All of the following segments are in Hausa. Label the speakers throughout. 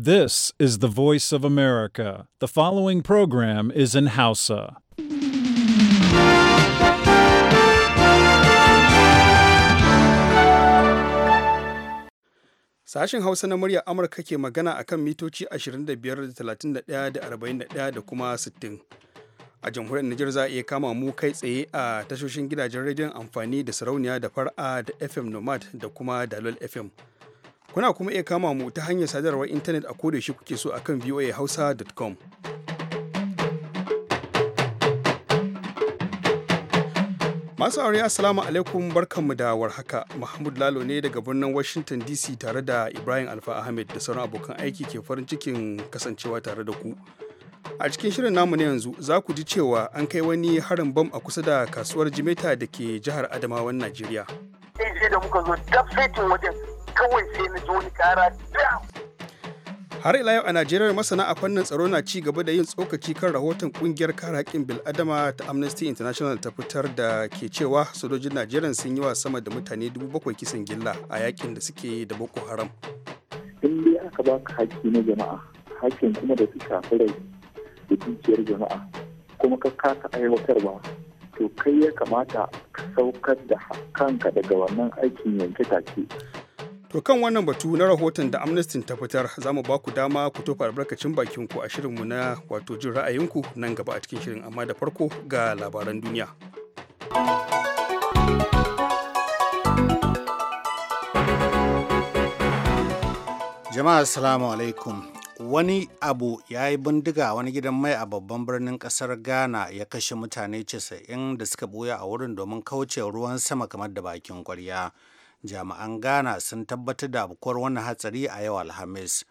Speaker 1: This is the voice of America. The following program is in Hausa.
Speaker 2: Sashen Hausa na murya Amurka ke magana akan mitoci 25 da da 41 da kuma 60. A jamhuriyar Nijar za a iya kama mu kai tsaye a tashoshin gidajen rediyon amfani da sarauniya da far'a da FM Nomad da kuma Dalol FM. Kuna kuma iya kama mu ta hanyar sadarwar intanet a kodayaushe kuke so akan voahausa.com. Masu aure assalamu alaikum barkanmu da warhaka Mahmud Lalo ne daga birnin Washington DC tare da Ibrahim Alfa Ahmed da sauran abokan aiki ke farin cikin kasancewa tare da ku. A cikin shirin namu na yanzu za ku ji cewa an kai wani harin bam a kusa da kasuwar Jimeta da ke jihar Adamawan Najeriya.
Speaker 3: da muka zo kawai sai na zo ni kara
Speaker 2: har ila yau a najeriya masana a fannin tsaro na ci gaba da yin tsokaci kan rahoton kungiyar kare haƙƙin bil'adama ta amnesty international ta fitar da ke cewa sojojin najeriya sun yi wa sama da mutane 7,000 kisan gilla a yakin da suke da boko haram
Speaker 4: in dai aka ka haƙƙi na jama'a haƙƙin kuma da suka fi rai da dukiyar jama'a kuma ka kasa aiwatarwa to kai ya kamata ka saukar da kanka daga wannan aikin yanke take
Speaker 2: To kan wannan batu na rahoton da Amnesty ta fitar za mu ba ku dama ku tofa albarkacin bakin ku a shirinmu na wato jin ra'ayinku nan gaba a cikin shirin amma da farko ga labaran duniya.
Speaker 5: Jama'a assalamu alaikum. Wani abu ya yi bindiga wani gidan mai a babban birnin kasar Ghana ya kashe mutane 90 da suka buya a wurin domin kauce ruwan sama kamar da bakin kwarya. jami'an ghana sun tabbatar da abukuwar wannan hatsari a yau alhamis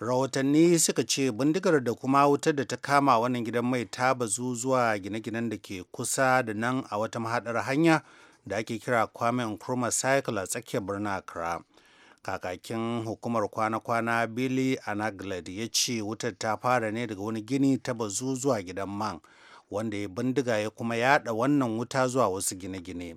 Speaker 5: rahotanni suka ce bindigar da kuma wutar da ta kama wannan gidan mai ta bazu zuwa gine-ginen da ke kusa da nan a wata mahaɗar hanya da ake kira kwame nkrumah cycle a tsakiyar birnin accra kakakin hukumar kwana-kwana billy anaglad ya ce wutar ta fara ne daga wani gini ta bazu zuwa gidan man wanda ya bindiga ya kuma yada wannan wuta zuwa wasu gine-gine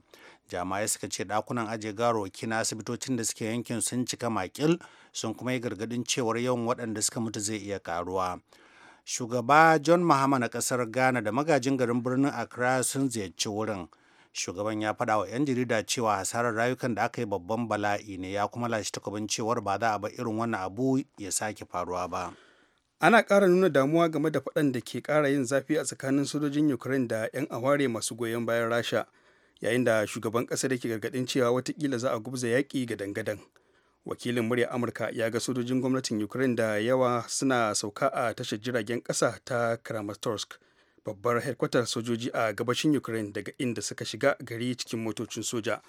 Speaker 5: jama'ai suka ce dakunan ajiye garoki na asibitocin da suke yankin sun cika makil sun kuma yi gargadin cewar yawan waɗanda suka mutu zai iya karuwa shugaba john mahama na ƙasar ghana da magajin garin birnin accra sun ziyarci wurin shugaban ya faɗa wa 'yan jarida cewa hasarar rayukan da aka yi babban bala'i ne ya kuma lashe takobin cewar ba za a ba irin wannan abu ya sake faruwa ba ana ƙara nuna damuwa game da faɗan da ke ƙara yin zafi a
Speaker 2: tsakanin sojojin ukraine da 'yan aware masu goyon bayan rasha yayin da shugaban da ke gargaɗin cewa watakila za a gubza yaƙi ga dangadan wakilin murya amurka ya ga sojojin gwamnatin ukraine da yawa suna sauka a tashar jiragen ƙasa ta kramatorsk babbar headkwatar sojoji a gabashin ukraine daga inda suka shiga gari cikin motocin soja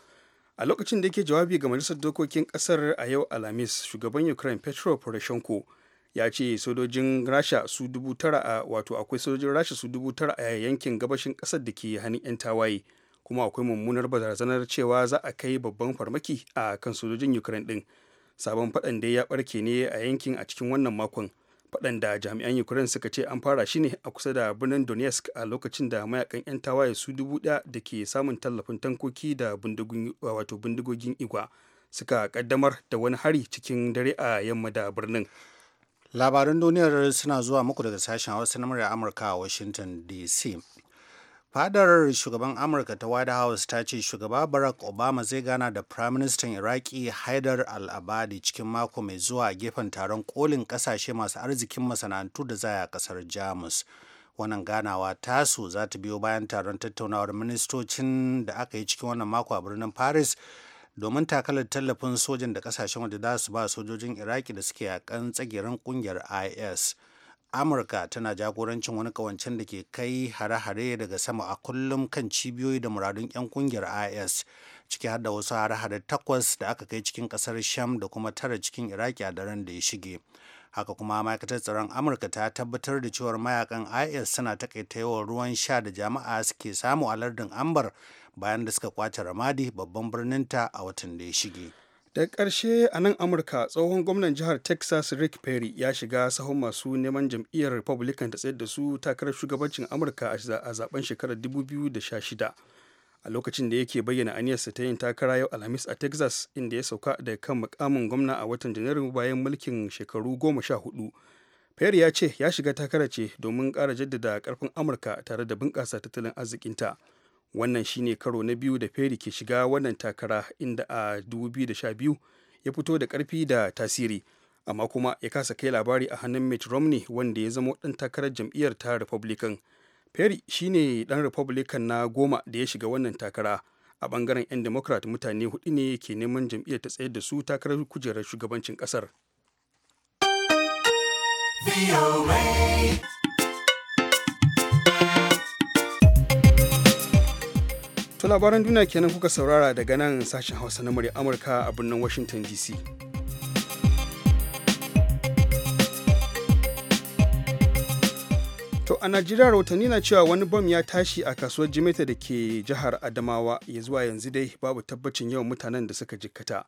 Speaker 2: a lokacin da yake jawabi ga majalisar dokokin ƙasar a yau alhamis shugaban ukraine petro poroshenko ya ce sojojin rasha su dubu tara a wato akwai sojojin rasha su dubu tara a yankin gabashin ƙasar da ke hannun 'yan tawaye kuma akwai mummunar barazanar cewa za a kai babban farmaki a kan sojojin ukraine din sabon faɗan da ya barke ne a yankin a cikin wannan makon faɗan da jami'an ukraine suka ce an fara shi ne a kusa da birnin donetsk a lokacin da mayakan 'yan tawaye su dubu ɗaya da ke samun tallafin tankoki da bindigogin igwa suka kaddamar da wani hari cikin dare a yamma da birnin
Speaker 5: labaran duniyar suna zuwa muku daga sashen hausa na murya amurka a washington dc fadar shugaban amurka ta white house ta ce shugaba barack obama zai gana da prime minister iraki haidar al-abadi cikin mako mai zuwa gefen taron kolin kasashe masu arzikin masana'antu da zaya kasar jamus wannan ganawa tasu za ta biyo bayan taron tattaunawar ministocin da aka yi cikin wannan mako a birnin paris domin takalar tallafin sojan da kasashen wanda za su ba sojojin iraki da suke yakan tsagirin kungiyar is amurka tana jagorancin wani kawancen da ke kai hare-hare daga sama a kullum kan cibiyoyi da muradun 'yan kungiyar is ciki har da wasu hare-hare takwas da aka kai cikin kasar sham da kuma tara cikin iraki a daren da ya shige haka kuma ma'aikatar tsaron amurka ta tabbatar da cewar mayakan is suna takaita yawan ruwan sha da jama'a suke samu a lardin ambar bayan da suka kwace ramadi babban birninta a watan da ya shige da ƙarshe a nan amurka tsohon gwamnan jihar texas
Speaker 2: rick perry ya shiga sahun masu neman jam'iyyar republican ta tsayar da su takarar shugabancin amurka a zaben shekarar 2016 a lokacin da yake bayyana aniyarsa ta yin takara yau alhamis a texas inda ya sauka da kan mukamin gwamna a watan janairu bayan mulkin shekaru goma sha hudu perry ya ce ya shiga takara ce domin ƙara jaddada ƙarfin amurka tare da bunƙasa tattalin arzikinta wannan shine karo na biyu da feri ke shiga wannan takara inda a 2012 ya fito da karfi da tasiri amma kuma ya kasa kai labari a hannun mitt romney wanda ya zama dan takarar jam'iyyar ta republican perry shine dan republican na goma da ya shiga wannan takara a bangaren 'yan democrat mutane hudu ne ke neman jam'iyyar ta tsayar da su takarar kujerar shugabancin kasar. To labaran duniya kenan kuka saurara daga nan sashen Hausa na murya Amurka a birnin Washington DC. To a Najeriya rahotanni na cewa wani bom ya tashi a kasuwar Jimeta da ke jihar Adamawa ya zuwa yanzu dai babu tabbacin yawan mutanen da suka jikkata.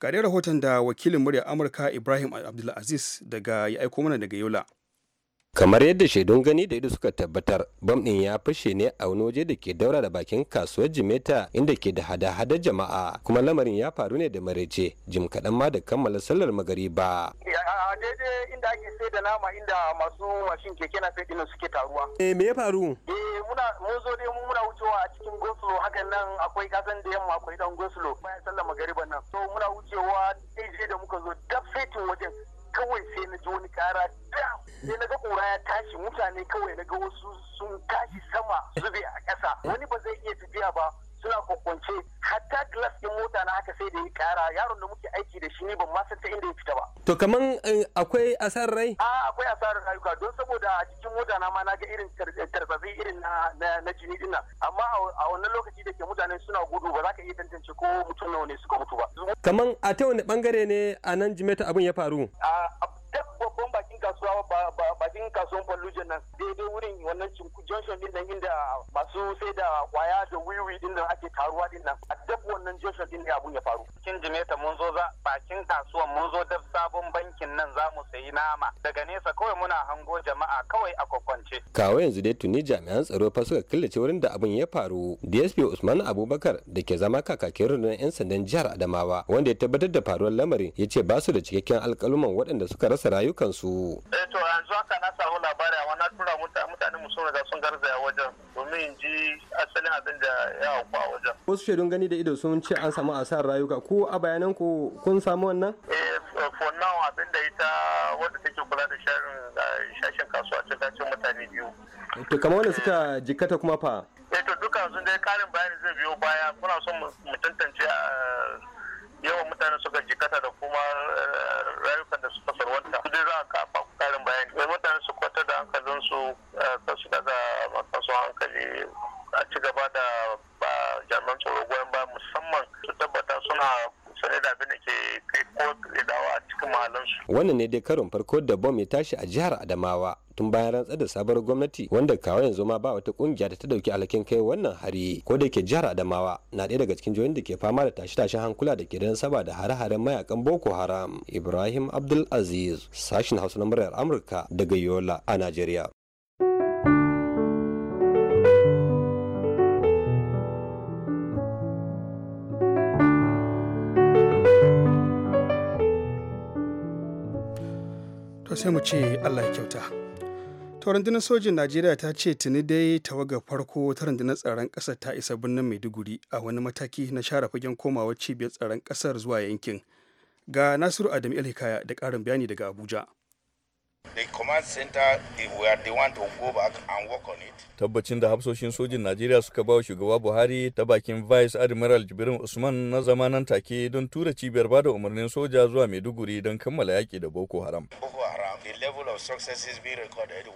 Speaker 2: gare rahoton da wakilin murya Amurka Ibrahim
Speaker 6: Abdulaziz daga ya aiko mana daga Yola. kamar yadda shaidun gani da ido suka tabbatar bam din ya fashe ne a wani waje da ke daura da bakin kasuwar jimeta inda ke da hada hada jama'a kuma lamarin ya faru ne da marece jim kaɗan ma da kammala sallar magariba
Speaker 3: a daidai inda ake sai da nama inda masu mashin keke na sai suke taruwa eh me ya faru eh muna mun zo dai muna wucewa a cikin gosulo hakan nan akwai kasan da yamma akwai dan gosulo bayan sallar magariban nan so muna wucewa dai da muka zo dab fetin wajen kawai sai na ji wani kara da sai na ga kura ya tashi mutane kawai na ga wasu sun tashi sama zube a ƙasa wani ba zai iya tafiya ba suna kwakwance hatta glass din mota na haka sai da ya kara yaron da muke aiki da shi ne ban ma san ta inda ya fita ba
Speaker 6: to kaman eh,
Speaker 3: akwai asarar rai a akwai asarar rayuka don saboda a cikin mota na ma na ga irin eh, tarbazi irin na na jini dinna amma a wannan lokaci da ke mutane suna gudu ba za ka iya tantance ko mutum nawa ne suka mutu ba kaman
Speaker 6: a ta wani bangare ne a nan jimeta abin ya faru babban bakin kasuwa bakin
Speaker 3: kasuwan Fallujah nan daidai wurin wannan junction din nan inda masu sai da kwaya da wiwi din nan ake taruwa din nan a dab wannan junction din ne abun ya faru cikin Jimeta mun zo za bakin kasuwan mun zo dab sabon
Speaker 6: bankin nan za mu sayi nama
Speaker 3: daga nesa kawai muna hango jama'a
Speaker 6: kawai a kwakwance kawo yanzu dai tuni jami'an tsaro fa suka killace wurin da abin ya faru DSP Usman Abubakar da ke zama kakakin rundunar 'yan sandan jihar Adamawa wanda ya tabbatar da faruwar lamarin ya ce ba su da cikakken alkaluman waɗanda suka rasa rayuka rayukansu.
Speaker 4: Eh to yanzu haka na samu labari amma na tura mutane mu sun sun
Speaker 1: garzaya wajen domin in ji asalin abin da ya hauka a wajen.
Speaker 6: Wasu shaidun gani da ido sun ce an samu asarar rayuka ko a bayanan ku kun samu wannan? Eh for now abin da ita
Speaker 3: wadda take kula da shashin eh, kasuwa ce ta
Speaker 6: ce mutane biyu. To kamar wanda eh. suka jikkata kuma fa? Eh to duka sun dai karin
Speaker 4: bayani zai biyo baya muna son mu tantance eh, yawan mutane suka jikata da kuma rayukan da suka cutarwarta kudi za a kafa karin bayani sai mutane su kwata da hankalin su eh, kasu daga masu hankali a ci gaba da jami'an tsoro goyon ba musamman
Speaker 6: su tabbata suna sane da abin da ke kai ko dawa a cikin mahallinsu. wannan ne dai karin farko da bom ya tashi a jihar adamawa tun bayan rantsar da sabuwar gwamnati wanda kawo yanzu ma ba wata kungiya da ta dauki alhakin kai wannan hari ko da ke jihar Adamawa na ɗaya daga cikin jihohin da ke fama da tashi-tashin hankula da ke dan saba da hare-haren mayakan Boko Haram Ibrahim Abdul Aziz sashin Hausa na muryar Amurka daga Yola a Najeriya
Speaker 2: to sai mu ce Allah ya kyauta ta rundunar sojin najeriya ta ce tuni dai tawagar farko ta rundunar tsaron ƙasar ta isa birnin maiduguri a wani mataki na share fagen komawa cibiyar tsaron ƙasar zuwa yankin ga nasiru adam hikaya da ƙarin bayani daga
Speaker 7: abuja Tabbacin da hafsoshin sojin Najeriya suka ba shugaba Buhari ta bakin Vice Admiral Jibirin Usman na zamanan take don tura cibiyar bada umarnin soja zuwa Maiduguri don kammala yaƙi da Boko Haram. Boko
Speaker 3: the level of success is being recorded.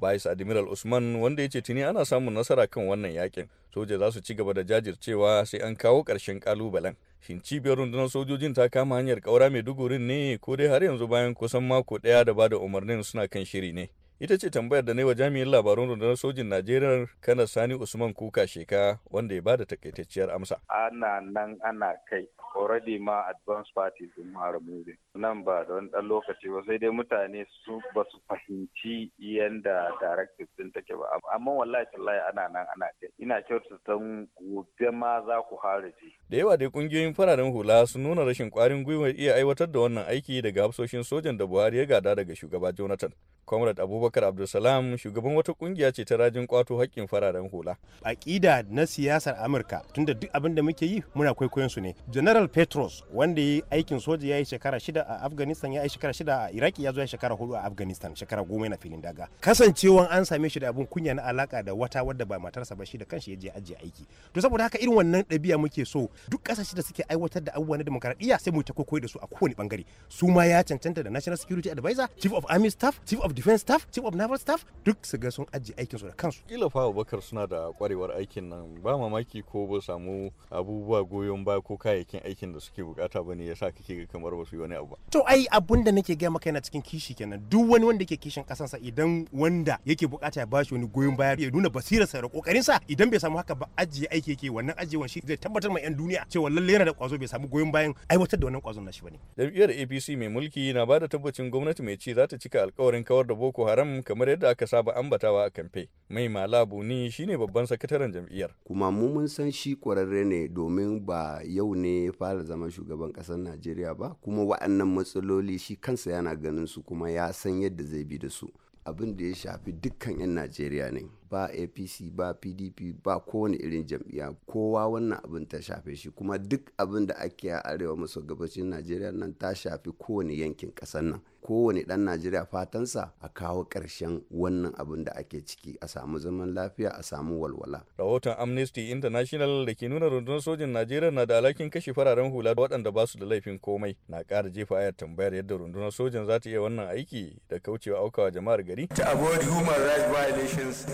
Speaker 7: bayis Admiral Usman wanda ya ce tuni ana samun nasara kan wannan yakin. Soja za su ci gaba da jajircewa sai an kawo ƙarshen kalubalen Shin cibiyar rundunar sojojin ta kama hanyar ƙaura mai dugurin ne ko dai har yanzu bayan kusan mako ɗaya da bada umarnin suna kan shiri ne. Ita ce tambayar da na yi wa jami'in labarun rundunar sojin Najeriya kanar Sani Usman Kuka Sheka wanda ya bada takaitacciyar amsa. Ana nan ana kai. already ma advance party din fara removing nan ba da wani dan lokaci ba sai dai mutane su ba su fahimci yanda directive din take ba amma wallahi tallahi ana nan ana ce ina kyautu san gobe ma za ku haraji da yawa dai kungiyoyin fararen hula sun nuna rashin kwarin gwiwar iya aiwatar da wannan aiki daga hafsoshin sojan da Buhari ya gada daga shugaba Jonathan Comrade Abubakar Abdulsalam shugaban wata kungiya ce ta rajin kwato haƙƙin fararen hula. Aƙida na siyasar Amurka tunda
Speaker 3: duk abin da muke yi
Speaker 6: muna kwaikwayon su ne. General petros wanda ya yi aikin soja ya yi shekara shida a afghanistan ya yi shekara shida a iraki ya zo ya shekara hudu a afghanistan shekara goma na filin daga kasancewan an same shi da abun kunya na alaka da wata wadda ba matarsa ba shi da kanshi ya je ajiye aiki to saboda haka irin wannan ɗabi'a muke so duk ƙasashe da suke aiwatar da abubuwa na demokaradiyya sai mu ta da su a kowane bangare su ma ya cancanta da national security advisor chief of army staff chief of defense staff chief of naval staff duk su ga sun ajiye aikin su da
Speaker 7: kansu kila fa abubakar suna da kwarewar aikin nan ba mamaki ko ba samu abubuwa goyon ba ko kayayyakin aiki aikin da suke bukata bane yasa kake ga kamar ba su yi wani abu ba
Speaker 6: to ai abun da nake gaya maka yana cikin kishi kenan duk wani wanda ke kishin sa idan wanda yake bukata ya bashi wani goyon baya ya nuna sa da kokarin sa idan bai samu haka ba ajiye aiki yake wannan ajiyewan shi zai tabbatar ma yan duniya cewa lalle yana da kwazo bai samu goyon bayan aiwatar da wannan kwazon nashi bane
Speaker 7: jam'iyyar APC mai mulki na bada tabbacin gwamnati mai ci za ta cika alkawarin kawar da Boko Haram kamar yadda aka saba ambatawa a kamfe mai malabu ni shine babban sakataren jam'iyyar
Speaker 6: kuma mu mun san shi kwararre ne domin ba yau ne fa fara zama shugaban ƙasar najeriya ba kuma wa'annan matsaloli shi kansa yana ganin su kuma ya san yadda zai bi da su abin da ya shafi dukkan 'yan najeriya ne ba apc ba pdp ba kowane irin jam'iyya kowa wannan abin ta shafe shi kuma duk abin da ake a arewa maso gabashin najeriya nan ta shafi kowane yankin ƙasar nan kowane ɗan najeriya fatansa a kawo karshen wannan abin da ake ciki a samu zaman lafiya a samu walwala
Speaker 7: rahoton amnesty international da ke nuna rundunar sojin najeriya na da alhakin kashe fararen hula waɗanda ba su da laifin komai na ƙara jefa ayar tambayar yadda rundunar sojin za ta iya wannan aiki da kaucewa aukawa jama'ar gari to avoid human rights violations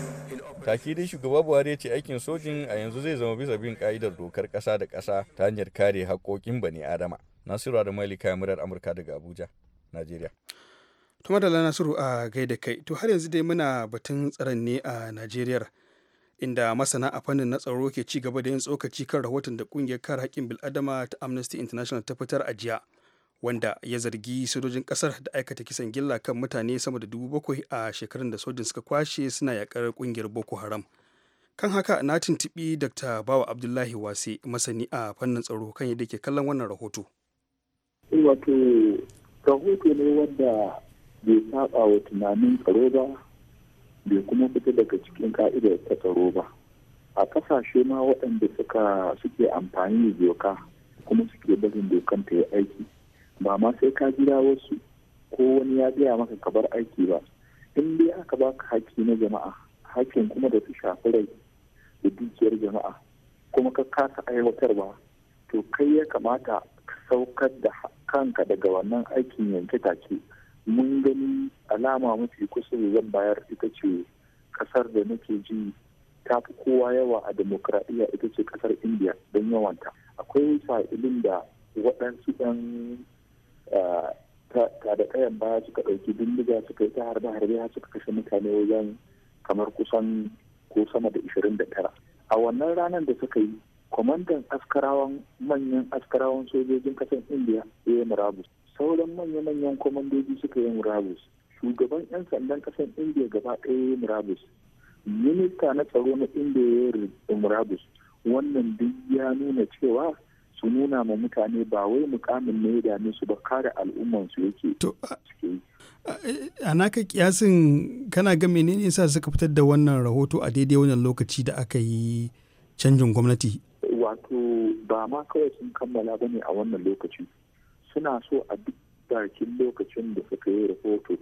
Speaker 7: taki dai shugaba buhari ya ce aikin sojin a yanzu zai zama bisa bin ka'idar dokar kasa da kasa ta hanyar kare haƙoƙin bani adama nasiru da malika murar amurka daga abuja najeriya
Speaker 2: to madalla nasiru a gaida kai to har yanzu dai muna batun tsaron ne a najeriya inda masana a fannin na tsaro ke ci gaba da yin tsokaci kan rahoton da kungiyar kare haƙƙin bil'adama ta amnesty international ta fitar a jiya wanda ya zargi sojojin kasar da aikata kisan gilla kan mutane sama da dubu bakwai a shekarun da sojin suka kwashe suna yakar kungiyar boko haram kan haka na tuntuɓi dr bawa abdullahi wase masani a fannin tsaro kan yadda ke kallon wannan rahoto
Speaker 4: wato rahoto ne wanda bai saba tunanin tsaro ba bai kuma fita daga cikin ka'idar ta tsaro ba a kasashe ma waɗanda suka suke amfani da doka kuma suke barin dokan ta yi aiki ba ma sai ka jira wasu ko wani ya gaya maka ka bar aiki ba in dai aka ba ka haƙƙi na jama'a haƙƙin kuma da su shafi rai da dukiyar jama'a kuma ka kasa aiwatarwa to kai ya kamata ka saukar da kanka daga wannan aikin yanke take mun gani alama mafi kusa da zan bayar ita ce kasar da nake ji ta fi kowa yawa a demokuraɗiyya ita ce kasar indiya don yawanta akwai sa'ilin da waɗansu ɗan Eh, ka da kayan baya suka ɗauki bindiga suka yi ta harbe harbe har suka kashe mutane wajen kamar kusan ko sama da 29 a wannan ranar da suka yi kwamandan askarawan manyan askarawan sojojin kasan indiya ya yi sauran manya-manyan kwamandoji suka yi murabus shugaban 'yan sandan kasan indiya gaba ɗaya ya yi murabus minista na tsaro na indiya ya yi murabus wannan duk ya nuna cewa su nuna ma mutane ba wai mukamin ne da su ba kare al'ummansu yake suke
Speaker 2: eh, a naka kiyasin kana ga menene yasa suka fitar da wannan rahoto a daidai wannan lokaci da aka yi canjin gwamnati
Speaker 4: wato ba ma kawai sun kammala ba ne a wannan lokaci suna so a duk bakin lokacin da suka yi rahoto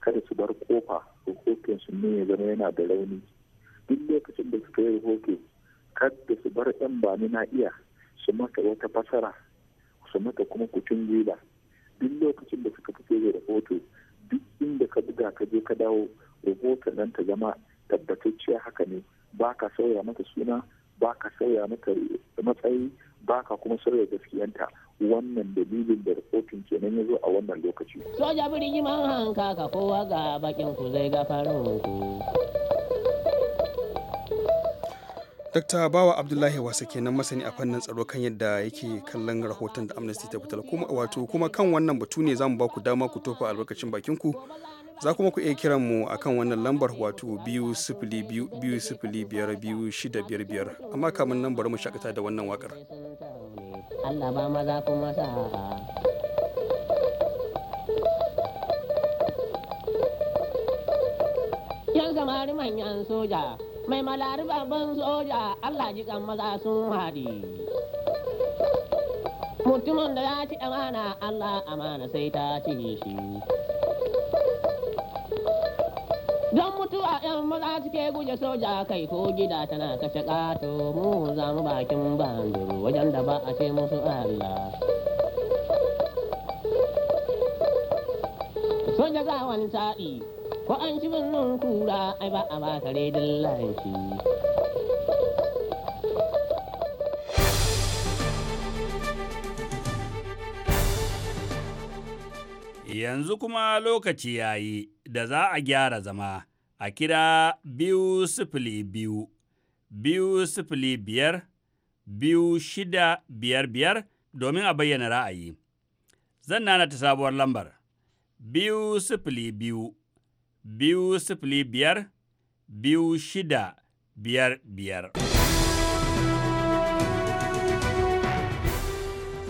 Speaker 4: kada su bar kofa rahoton su ne ya zama yana da rauni duk lokacin da suka yi rahoto kada su bar yan bani na iya su maka wata fasara su maka kuma kucin gwiwa duk lokacin da suka fito da rahoto duk inda ka buga ka je ka dawo rahoto nan ta zama tabbatacciya haka ne ba ka sauya mata suna ba ka sauya mata matsayi ba ka kuma sauya gaskiyanta wannan dalilin da rahoton kenan ya zo a wannan lokaci.
Speaker 1: soja birni man hanka ka kowa ga bakin ku zai gafarin ku.
Speaker 2: Dr. Bawa Abdullahi Wasa kenan masani a fannin tsaro kan yadda yake kallon rahoton da Amnesty ta fitar kuma wato kuma kan wannan batu ne zamu ba ku dama ku tofa albarkacin bakin ku. Za kuma ku iya kiran mu akan wannan lambar wato biyu amma kamun nan mu shakata da wannan wakar.
Speaker 1: Allah ba za ku masa yan manyan soja mai malari babban soja Allah ji kan maza sun haɗi. Mutumin da ya ci amana Allah amana sai ta ci shi. Don mutuwa ‘yan maza suke guje soja kai ko gida tana kashe ƙato mu za mu bakin banduru wajen da ba a ce musu Allah. Soja wani taɗi. ko an ci birnin kura ai ba a ba kare
Speaker 5: yanzu
Speaker 2: kuma lokaci ya yi da za a gyara zama a kira biyu sifili biyu biyu sifili biyar biyu shida biyar biyar domin a bayyana ra'ayi zan nana ta sabuwar lambar
Speaker 7: biyu sifili biyu biyu sifili biyar biyu shida biyar biyar.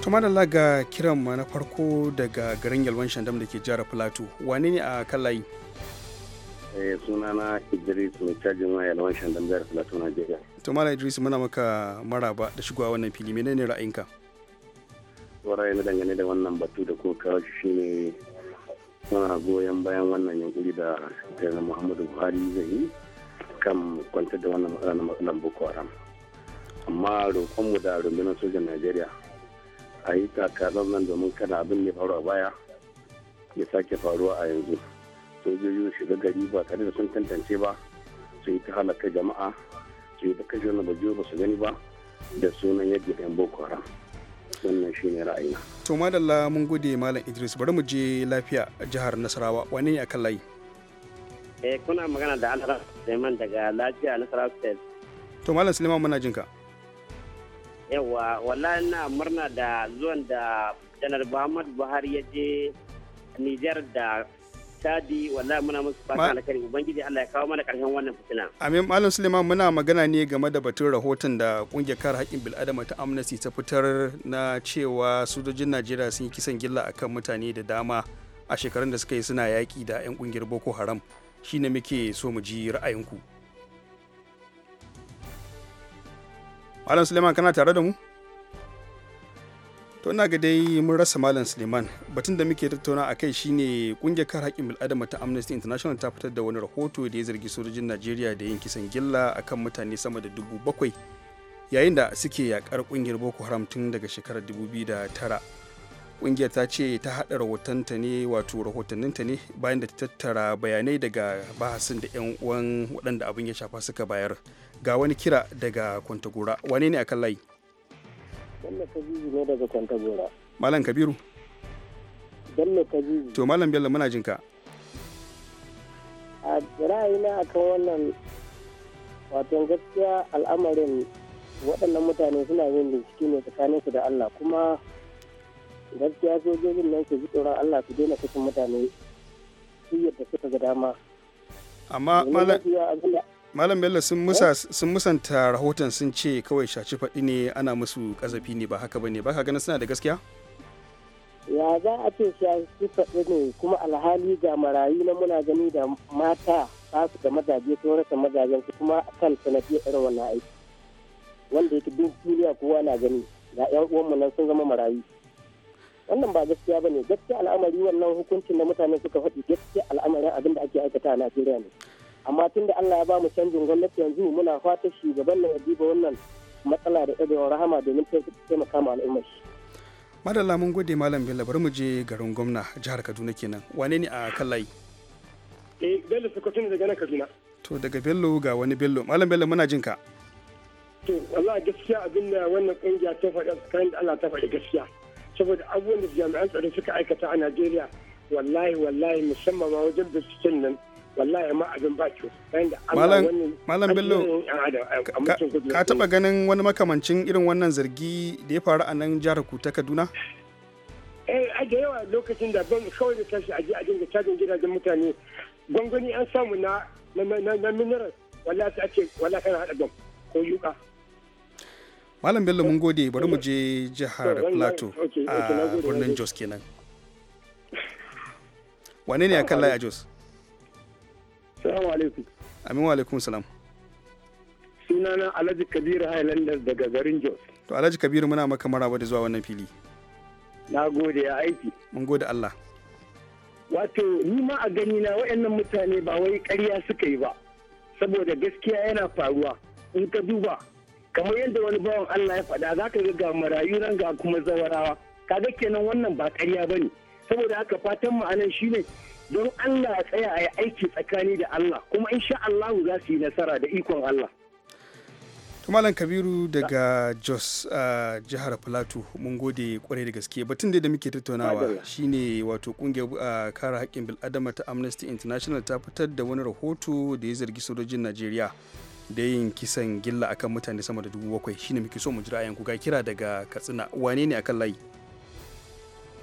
Speaker 2: tumadala ga kiran ma na farko daga garin yalwan shandam da ke jihar Filato. wane ne a kan layi
Speaker 3: eh, na idris mai cajin wa yalwan shandam jihar plateau nigeria
Speaker 2: da idris muna maka maraba da shigowa wannan fili menene ra'ayinka
Speaker 3: ra'ayin dangane da wannan batu da kuka shi ne. muna goyon bayan wannan yankuri da shugaban muhammadu buhari zai yi kan kwantar da wannan matsala na matsalan boko haram amma roƙonmu da rundunar sojan
Speaker 4: najeriya a yi takarar nan domin kada abin ne faru a baya ya sake faruwa a yanzu sojoji su shiga gari ba tare da sun tantance ba su yi ta halaka jama'a su yi ta kashe wani ba su gani ba da sunan yadda yan boko
Speaker 3: haram wannan shine ra'ayina
Speaker 2: to madalla mun gode malam idris bari mu je lafiya jihar nasarawa wani ne akan layi
Speaker 3: eh kuna magana da alhara suleiman daga lafiya nasarawa state
Speaker 2: to malam suleiman muna jin ka
Speaker 3: yawa wallahi na murna da zuwan da janar muhammad buhari ya je nijar da tadi wallahi muna musu fata alkhairi ubangiji Allah ya kawo mana karshen wannan fitina.
Speaker 2: Amin Malam Suleiman muna magana ne game da batun rahoton da kungiyar kare haƙƙin bil'adama ta Amnesty ta fitar na cewa sojojin Najeriya sun yi kisan gilla akan mutane da dama a shekarun da suka yi suna yaƙi da 'yan kungiyar Boko Haram shine muke so mu ji ra'ayinku. Malam Suleiman kana tare da mu? to ina ga dai mun rasa malam suleiman batun da muke tattauna a kai shine kungiyar kare haƙƙin bil'adama ta amnesty international ta fitar da wani rahoto da ya zargi sojojin najeriya da yin kisan gilla akan mutane sama da dubu bakwai yayin da suke yakar kungiyar boko haram tun daga shekarar 2009 kungiyar ta ce ta haɗa rahotonta ne wato rahotanninta ne bayan da ta tattara bayanai daga bahasin da 'yan uwan waɗanda abin ya shafa suka bayar ga wani kira daga kwantagora wane ne akan layi
Speaker 3: Bello Kabiru ne daga Kwantagora. Malam Kabiru? Bello Kabiru. To
Speaker 2: Malam Bello muna jin ka.
Speaker 3: A ra'ayina na kan wannan wato gaskiya al'amarin waɗannan mutane suna yin bincike ne tsakanin su da Allah kuma gaskiya sojojin nan su ji tsoron Allah su daina kashe mutane su yadda suka ga dama. Amma malam
Speaker 2: malam bello oh. sun musanta rahoton sun ce kawai shaci faɗi ne ana musu kazafi ne ba haka ba ne ba ka ganin suna da gaskiya
Speaker 3: ya za a ce shaci faɗi ne kuma alhali ga marayu na muna gani da mata ba su da mazaje sun rasa mazajen su kuma kan sanadiyar irin wannan aiki wanda yake duk duniya kowa na gani ga yan uwanmu nan sun zama marayu wannan ba gaskiya bane gaskiya al'amari wannan hukuncin da mutane suka faɗi gaskiya al'amarin abin da ake aikata a Najeriya ne amma tun da Allah ya ba mu canjin gwamnati yanzu muna fata shugaban na duba wannan matsala da da rahama domin taimaka ma al'ummar shi.
Speaker 2: Madalla mun gode Malam Bello bari mu je garin gwamna jihar Kaduna kenan wane ne a kan layi?
Speaker 3: Eh Bello su ne daga nan Kaduna.
Speaker 2: To daga Bello ga wani Bello Malam Bello muna jin ka.
Speaker 3: To Allah gaskiya abin da wannan kungiya ta a tsakanin da Allah ta faɗi gaskiya saboda abubuwan da jami'an tsaro suka aikata a Najeriya wallahi wallahi musamman ma wajen binciken nan wallahi ma abin ba ki bayan malam bello ka taba
Speaker 2: ganin wani makamancin irin wannan zargi da ya faru a nan jihar ku ta Kaduna
Speaker 3: eh a da yawa lokacin da ban kawai da tashi aje a dinga cajin gidajen mutane gwangwani an samu na na mineral wallahi sai ake wallahi kana hada bam ko yuka
Speaker 2: Malam Bello mun gode bari mu je jihar Plateau a birnin Jos kenan. Wane ne a kan lai a Jos?
Speaker 4: Salamu alaikum.
Speaker 2: Amin wa alaikum salam.
Speaker 4: Sunana Alhaji Kabiru Highlanders daga garin Jos.
Speaker 2: To Alhaji Kabiru muna maka maraba da zuwa wannan fili.
Speaker 4: Na gode ya aiki.
Speaker 3: Mun gode Allah. Wato ni ma a gani na waɗannan mutane ba wai ƙarya suka yi ba. Saboda gaskiya yana faruwa in ka duba kamar yadda wani bawan Allah ya faɗa za ka ga ga marayu nan ga kuma zawarawa kaga kenan wannan ba ƙarya ba ne saboda haka fatan mu anan shine don Allah ya tsaya a aiki tsakani da Allah kuma insha Allah za su yi nasara da
Speaker 4: ikon Allah.
Speaker 2: Malam Kabiru daga Jos a jihar Plateau mun gode kwarai da gaske batun da muke tattaunawa shine wato kungiyar kare haƙƙin bil'adama ta Amnesty International ta fitar da wani rahoto da ya zargi sojojin Najeriya da yin kisan gilla akan mutane sama da dubu bakwai shine muke so mu jira a ku ga kira daga Katsina wane ne akan layi?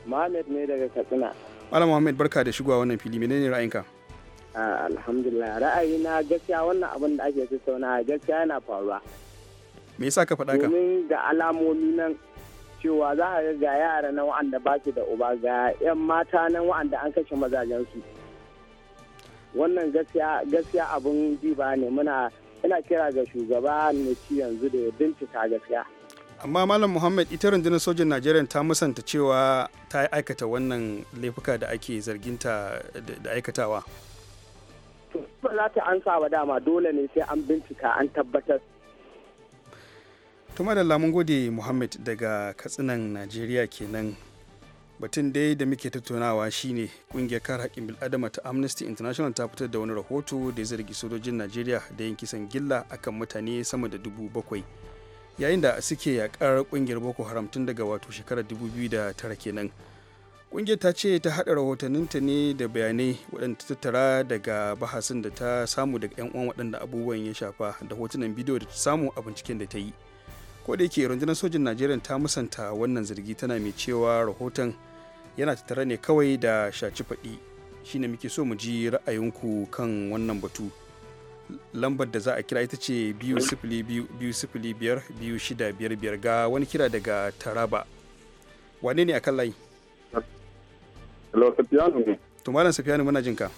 Speaker 3: Mohammed ne daga Katsina.
Speaker 2: Malam Muhammad barka da shigowa wannan fili menene ra'ayinka?
Speaker 3: Ah, alhamdulillah na gaskiya wannan abin da ake tattaunawa gaskiya yana faruwa.
Speaker 2: Me yasa ka faɗa ka? Domin
Speaker 3: ga alamomi nan cewa za a ga yara na wa'anda ba su da uba ga 'yan mata na wa'anda an kashe mazajen su Wannan gaskiya abin jiba ne muna ina kira ga shugaba ne ci yanzu da ya bincika gaskiya.
Speaker 2: amma malam muhammad ita rundunar sojin najeriya ta musanta cewa ta aikata wannan laifuka da ake zarginta da aikatawa
Speaker 3: ba za ta ansa ba dama dole ne sai an bincika an tabbatar
Speaker 2: tuma da lamun gode muhammad daga katsinan najeriya kenan batun dai da muke tattaunawa shine kungiyar kare haƙƙin bil'adama ta amnesty international ta fitar da wani rahoto da ya zargi sojojin najeriya da yin kisan gilla akan mutane sama da dubu bakwai yayin da suke yakar kungiyar boko haram tun daga wato shekarar 2009 kenan kungiyar ta ce ta hada rahotanninta ne da bayanai waɗanda tattara daga bahasin da ta samu daga 'yan uwan waɗanda abubuwan ya shafa da hotunan bidiyo da ta samu a binciken da ta yi ko da yake rundunar sojin najeriya ta musanta wannan zargi tana mai cewa rahoton yana tattare ne kawai da shaci faɗi shine muke so mu ji ra'ayinku kan wannan batu lambar da za a kira ita ce biyu sifili biyu sifili biyar biyu shida biyar biyar ga wani kira daga taraba wane ne a kan layi
Speaker 4: hello safiyanu ne
Speaker 2: to safiyanu muna jinka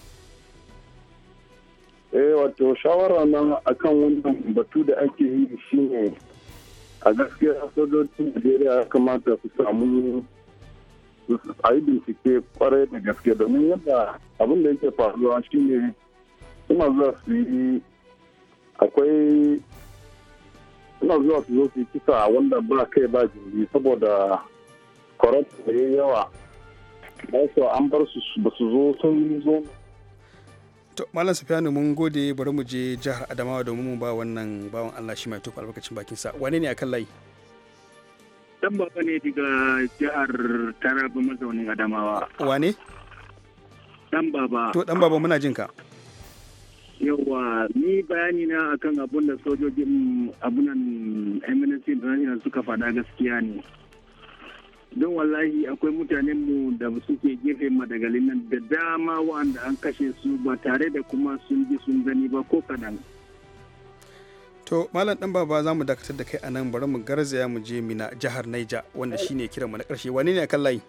Speaker 4: eh wato shawara na akan wannan batu da ake yi shi ne a gaskiya sojojin najeriya ya kamata su samu a yi bincike kwarai da gaske domin yadda abin da yake faruwa shine suna zuwa su yi akwai suna zuwa su zo su yi kisa wanda ba kai ba jirgi saboda korot da ya yawa ba su an bar su ba su zo sun zo
Speaker 2: to malam safiyanu mun gode bari mu je jihar adamawa domin mu ba wannan bawan allah shi mai tofa albarkacin bakin sa wane ne akan layi
Speaker 4: dan baba ne daga jihar taraba mazaunin adamawa wane dan baba to dan
Speaker 2: baba muna jin ka
Speaker 4: yawa ni bayani na akan abun da sojojin abunan eminency international suka fada gaskiya ne don wallahi akwai mutanen mu da suke gefe madagalin nan da dama wa'anda an kashe su ba tare da kuma sun ji sun gani ba ko kadan
Speaker 2: to malam dan baba za mu dakatar da kai a nan bari mu garzaya mu je mina jihar naija wanda shine kiran mu na karshe wani ne akan layi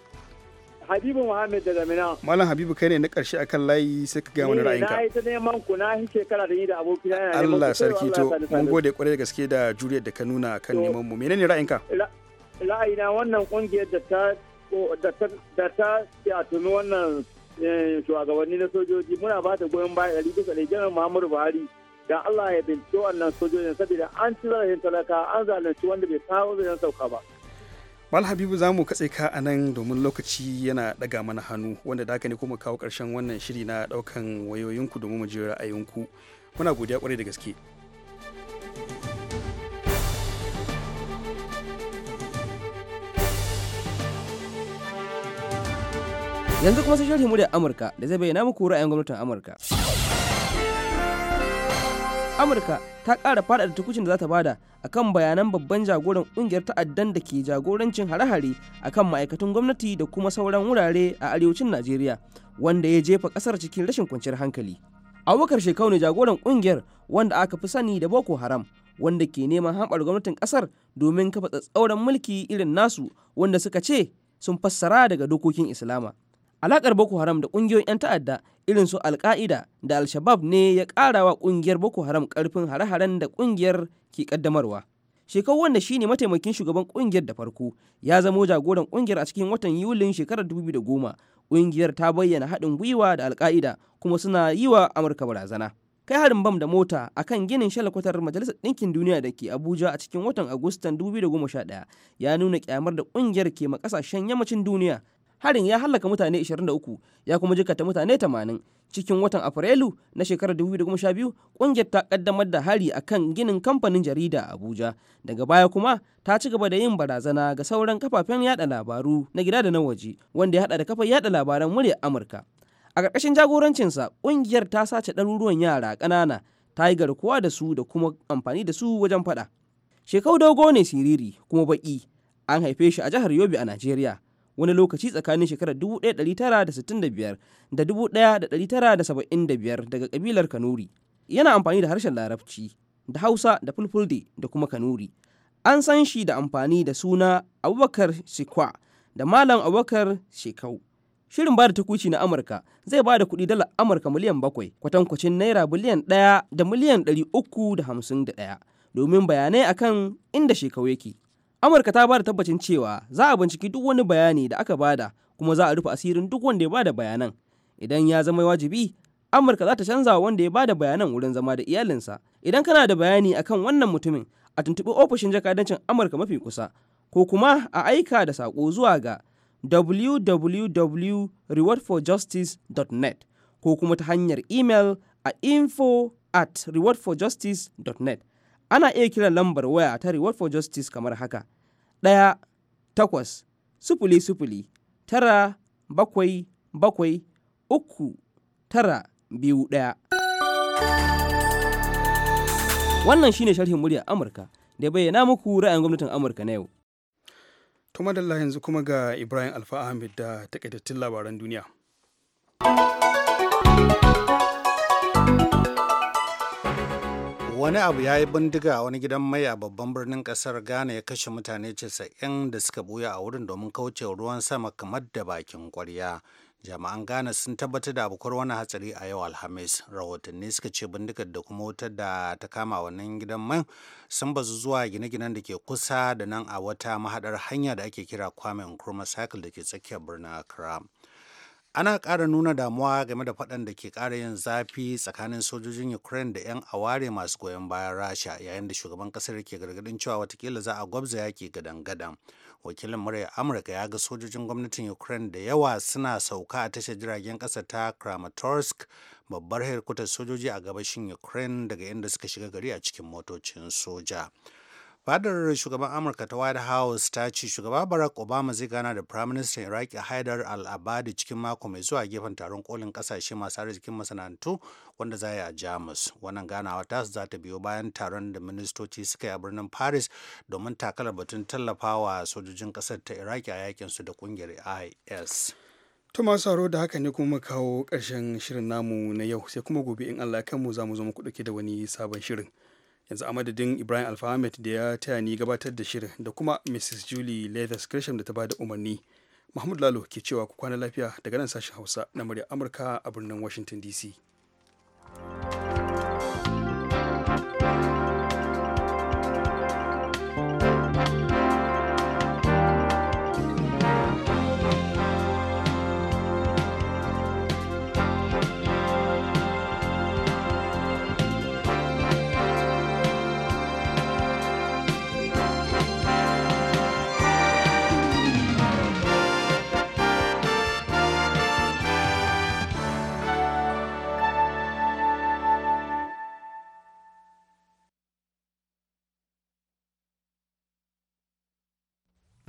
Speaker 3: Habibu Muhammad daga Mina.
Speaker 2: Malam Habibu kai ne na ƙarshe a kan layi sai ka ga mana eh, ra'ayinka. Na yi
Speaker 3: ta neman ku na yi shekara da ni da abokina ina Allah sarki to mun gode
Speaker 2: kwarai da gaske da juriyar da ka nuna kan neman mu. Menene ra'ayinka?
Speaker 3: Ra'ayina wannan kungiyar da ta da ta ya tuni wannan eh, shugabanni na sojoji muna ba ta goyon baya ɗari bisa ɗari janar Muhammadu Buhari. Da Allah ya bincike wannan sojojin saboda an ci zarafin talaka an zalunci wanda bai kawo zai sauka ba.
Speaker 2: mal habibu za mu katse ka a nan domin lokaci yana ɗaga mana hannu wanda da haka ne kuma kawo karshen wannan shiri na daukan wayoyinku domin mu ji ra'ayinku muna godiya kwarai da gaske
Speaker 8: yanzu kuma sai shirin mu da amurka da zai bayyana muku ra'ayin gwamnatin amurka amurka ta ƙara da tukucin da za ta bada akan bayanan babban jagoran ƙungiyar ta'addan da ke jagorancin hare-hare akan ma'aikatan gwamnati da kuma sauran wurare a arewacin najeriya wanda ya jefa ƙasar cikin rashin kwanciyar hankali abubakar shekau ne jagoran ƙungiyar wanda aka fi sani da boko haram wanda ke neman haɓar gwamnatin ƙasar domin kafa tsatsauran mulki irin nasu wanda suka ce sun fassara daga dokokin islama alakar boko haram da kungiyoyin 'yan ta'adda irin su alka'ida da al-shabab ne ya ƙara wa kungiyar boko haram karfin hare-haren da kungiyar ke kaddamarwa shekau wanda shine mataimakin shugaban kungiyar da farko ya zamo jagoran kungiyar a cikin watan yulin shekarar 2010 kungiyar ta bayyana haɗin gwiwa da alka'ida kuma suna yi wa amurka barazana kai harin bam da mota a kan ginin shalakwatar majalisar ɗinkin duniya da ke abuja a cikin watan agustan 2011 ya nuna kyamar da ƙungiyar ke ma ƙasashen yammacin duniya harin ya halaka mutane 23 ya kuma jikata mutane 80 cikin watan afrilu na shekarar 2012 kungiyar ta kaddamar da hari a kan ginin kamfanin jarida abuja daga baya kuma ta ci gaba da yin barazana ga sauran kafafen yada labaru na gida da na waje wanda ya hada da kafar yada labaran muryar amurka a ƙarƙashin jagorancinsa kungiyar ta sace ɗaruruwan yara ƙanana ta yi garkuwa da su da kuma amfani da su wajen faɗa shekau dogo ne siriri kuma baƙi an haife shi a jihar yobe a najeriya wani lokaci tsakanin shekarar 1965 da 1975 daga kabilar kanuri yana amfani da harshen larabci da hausa da fulfulde da kuma kanuri an san shi da amfani da suna abubakar sikwa da malam abubakar shekau shirin ba da takuci na amurka zai ba da kuɗi dala amurka miliyan bakwai kwatankwacin naira biliyan ɗaya da miliyan ɗari uku da hamsin da ɗaya domin bayanai akan inda shekau yake amurka ta ba da tabbacin cewa za a binciki duk wani bayani da aka bada kuma za a rufe asirin duk wanda ya bada bayanan idan ya zama wajibi amurka za ta canza wanda ya bada bayanan wurin zama da iyalinsa idan kana da bayani akan wannan mutumin a tuntubi ofishin jakadancin amurka mafi kusa ko kuma a aika da sako zuwa ga www.rewardforjustice.net ko kuma ta hanyar email a info at rewardforjustice.net ana iya kiran lambar waya ta reward for justice kamar haka ɗaya takwas sufuli sufuli tara bakwai bakwai uku tara biyu ɗaya wannan shine sharhin muryar amurka da bayyana muku ra'ayin gwamnatin amurka na yau
Speaker 2: to madalla yanzu kuma ga ibrahim alfa ahmed da takaitattun labaran duniya
Speaker 5: wani abu ya yi bindiga a wani gidan mai a babban birnin kasar ghana ya kashe mutane 90 da suka buya a wurin domin kauce ruwan sama kamar da bakin kwarya jama'an ghana sun tabbatar da abokar wani hatsari a yau alhamis rahotanni suka ce bindigar da kuma wutar da ta kama wannan gidan man sun bazu zuwa gine-ginen da ke kusa da nan a wata mahadar hanya da ake kira kwame nkrumah cycle da ke tsakiyar birnin accra ana ƙara nuna damuwa game da faɗan da ke ƙara yin zafi tsakanin sojojin ukraine da 'yan aware masu goyon bayan rasha yayin da shugaban ƙasar ke gargaɗin cewa watakila za a gwabza yaƙi gadan-gadan wakilin murya amurka ya ga sojojin gwamnatin ukraine da yawa suna sauka a tashar jiragen ƙasa ta kramatorsk babbar harkutar sojoji a gabashin ukraine daga inda suka shiga gari a cikin motocin soja. fadar shugaban amurka ta white house ta ce shugaba barack obama zai gana da prime minister iraki haidar al-abadi cikin mako mai zuwa gefen taron kolin kasashe masu arzikin masana'antu wanda za a jamus wannan ganawa ta za ta biyo bayan taron da ministoci suka yi a birnin paris domin takalar batun tallafawa sojojin kasar ta iraki a yakin su da kungiyar is
Speaker 2: To masu da haka ne kuma kawo karshen shirin namu na yau sai kuma gobe in Allah kanmu za mu zo muku dauke da wani sabon shirin. yanzu a madadin ibrahim alfahamed da ya taya ni gabatar da shirin da kuma mrs julie leathers gresham da ta ba da umarni mahmud lalo ke cewa ku kwana lafiya daga nan sashen hausa na murya amurka a birnin washington dc